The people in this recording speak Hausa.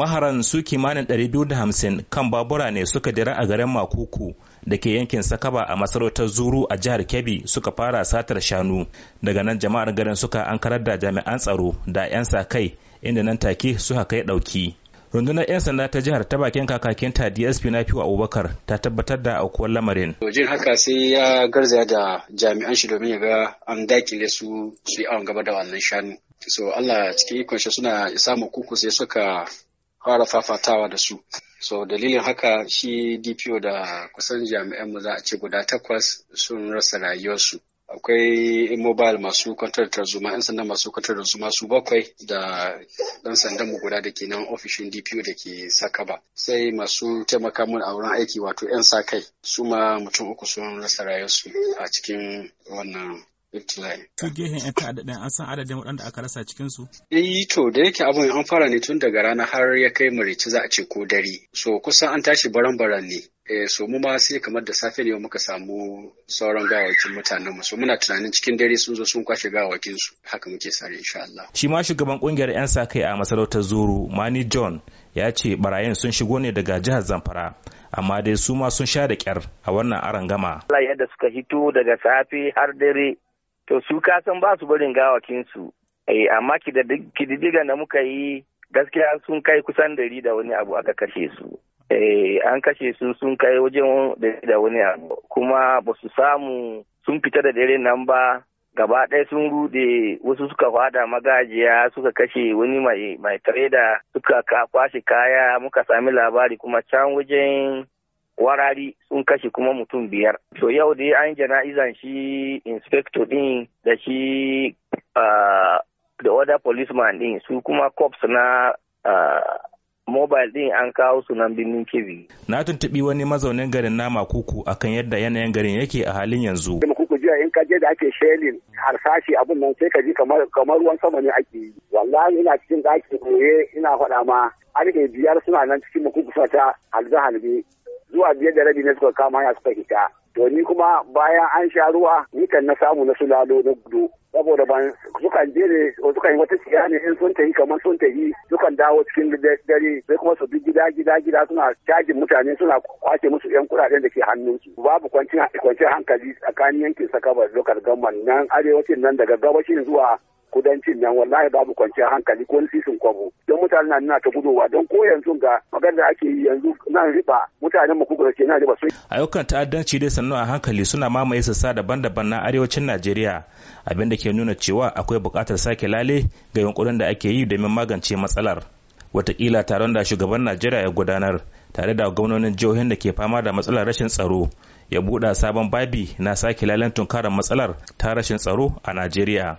maharan su kimanin 250 kan babura ne suka dira a garin makuku da ke yankin sakaba a masarautar zuru a jihar kebbi suka fara satar shanu daga nan jama'ar garin suka an karar da jami'an tsaro da 'yan sa kai inda nan take su kai ɗauki rundunar 'yan sanda ta jihar ta bakin kakakin ta dsp na fiwa abubakar ta tabbatar da aukuwar lamarin jin haka sai ya garzaya da jami'an shi domin ya ga an dakile su su yi awon gaba da wannan shanu so allah cikin ikon suna samun kuku sai suka fara fafatawa da su so dalilin haka shi dpo da kusan jami'anmu za a ce guda takwas sun rasa rayuwarsu akwai immobile masu kwantar zuma yan sanda masu kwantar zuma su bakwai da ɗan sandan mu guda da ke nan ofishin DPO da ke saka ba sai masu taimaka mun a wurin aiki wato yan sa kai su ma mutum uku sun rasa rayuwarsu a cikin wannan Ta gehen ‘yan ta'adda ɗin an san adadin waɗanda aka rasa cikinsu? Eh to da yake abin an fara ne tun daga rana har ya kai marici za a ce ko dare. So kusan an tashi baran-baran ne. Eh so mu ma sai kamar da safe ne muka samu sauran gawakin mutanen mu. So muna tunanin cikin dare sun zo sun kwashe gawakin su. Haka muke sare insha Allah. Shi ma shugaban kungiyar ‘yan sa kai a masarautar Zuru Mani John ya ce barayin sun shigo ne daga jihar Zamfara. amma dai su ma sun sha da kyar a wannan arangama. Allah yadda suka hito daga safe har dare to su kasan ba su barin gawakinsu eh, amma kididiga da muka yi gaskiya sun kai kusan dari da wani abu aka kashe su eh, an kashe su sun kai wajen da wani abu kuma ba su samu sun fita da dare nan ba gaba ɗaya sun rude wasu suka fada magajiya suka kashe wani mai mai suka kwashe kaya muka sami labari kuma can wajen warari sun kashe kuma mutum biyar. To yau dai an jana'izan shi inspector din da shi ah, da other policeman din su kuma cops na ah, mobile din an kawo su nan birnin Kebbi. Na tuntubi wani mazaunin garin nama kuku akan yadda yanayin garin yake a halin yanzu. jiya in ka je da ake shelin harsashi abin nan sai ka ji kamar ruwan sama ne ake yi wallahi ina cikin ɗakin koye ina faɗa ma har biyar suna nan cikin makubusa ta halbe halbe zuwa biyar da rabi na suka kama ya suka hita to ni kuma bayan an sha ruwa ni kan na samu na sulalo na gudu saboda ban sukan je ne sukan wata siya ne in sun tafi kamar sun yi sukan dawo cikin dare sai kuma su bi gida gida gida suna cajin mutane suna kwace musu yan kuɗaɗen da ke hannunsu babu kwanciyar hankali tsakanin yankin sakabar lokar gamman nan arewacin nan daga gabashin zuwa kudancin nan wallahi babu kwanciyar hankali ko sisin kwabo don mutane na ta gudowa don ko yanzu ga magana da ake yi yanzu nan riba mutanen mu kuka ke nan riba su ayyukan ta'addanci dai sannu a hankali suna mamaye sassa daban-daban na arewacin Najeriya abin da ke nuna cewa akwai bukatar sake lale ga yunkurin da ake yi domin magance matsalar watakila taron da shugaban Najeriya ya gudanar tare da gwamnonin jihohin da ke fama da matsalar rashin tsaro ya buɗa sabon babi na sake lalantun karan matsalar ta rashin tsaro a Najeriya.